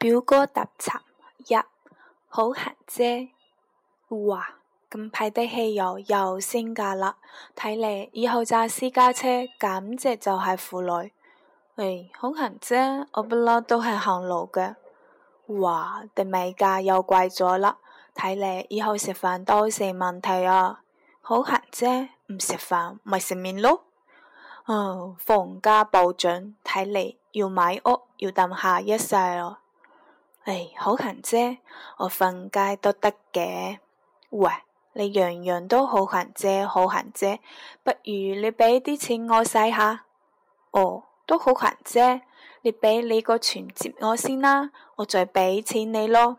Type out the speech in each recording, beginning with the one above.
表哥特輯一好閒啫。哇！近排的汽油又升價啦，睇嚟，以後揸私家車簡直就係負累。唉、哎，好閒啫，我不嬲都係行路嘅。哇！啲米價又貴咗啦，睇嚟，以後食飯都成問題啊！好閒啫，唔食飯咪食麵囉。啊、嗯！房價暴漲，睇嚟要買屋要等下一世咯～唉、哎，好閒啫，我瞓街都得嘅。喂，你樣樣都好閒啫，好閒啫，不如你畀啲錢我使下。哦，都好閒啫，你畀你個存摺我先啦，我再畀錢你咯。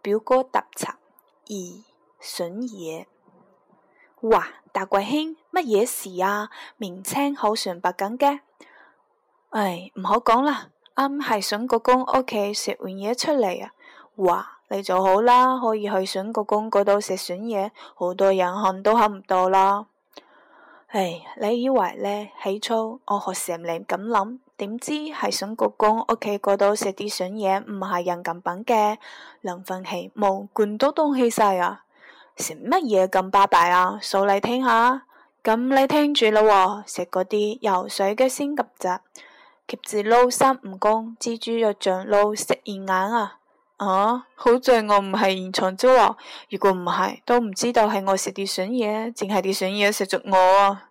表哥特輯，二笋嘢。哇，大貴兄乜嘢事啊？名稱好純白緊嘅。唉、哎，唔好講啦。啱係筍國公屋企食完嘢出嚟啊！哇，你就好啦，可以去筍國公嗰度食筍嘢，好多人看都看唔到啦。唉，你以為呢？起初我學成你咁諗，個家家點知係筍國公屋企嗰度食啲筍嘢，唔係人咁品嘅，能瞓起冇，管多東西晒啊！食乜嘢咁巴閉啊？數嚟聽下，咁你聽住啦，食嗰啲游水嘅先夾咋。蠍子撈三蜈蚣，蜘蛛又像撈食眼眼啊！啊，好在我唔係現場啫，如果唔係，都唔知道係我食啲損嘢，淨係啲損嘢食咗我啊。